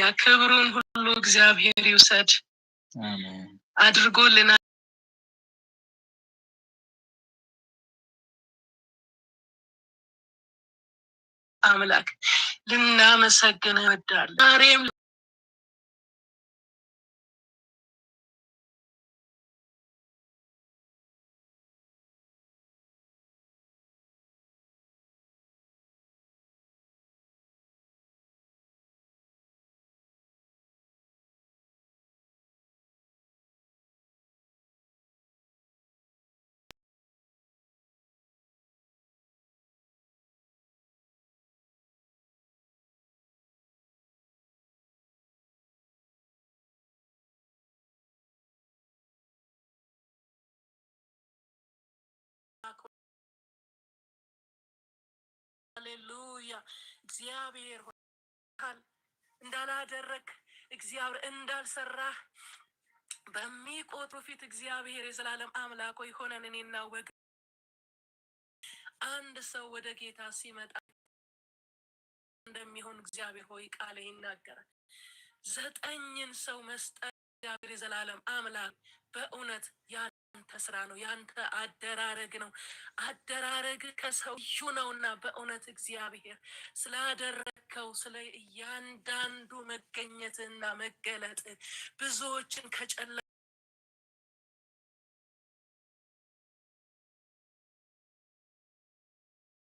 ያ ክብሩን ሁሉ እግዚአብሔር ይውሰድ አድርጎልና አምላክ ልናመሰግን እወዳለሁ። ሃሌሉያ። እግዚአብሔር ሆይ እንዳላደረግ እግዚአብሔር እንዳልሰራህ በሚቆጥሩ ፊት እግዚአብሔር የዘላለም አምላክ ሆይ ሆነን እኔና ወግ አንድ ሰው ወደ ጌታ ሲመጣ እንደሚሆን እግዚአብሔር ሆይ ቃል ይናገራል። ዘጠኝን ሰው መስጠት እግዚአብሔር የዘላለም አምላክ በእውነት ያ ያንተ ስራ ነው፣ ያንተ አደራረግ ነው። አደራረግ ከሰው ነውና በእውነት እግዚአብሔር ስላደረግከው ስለ እያንዳንዱ መገኘትና መገለጥ ብዙዎችን ከጨለ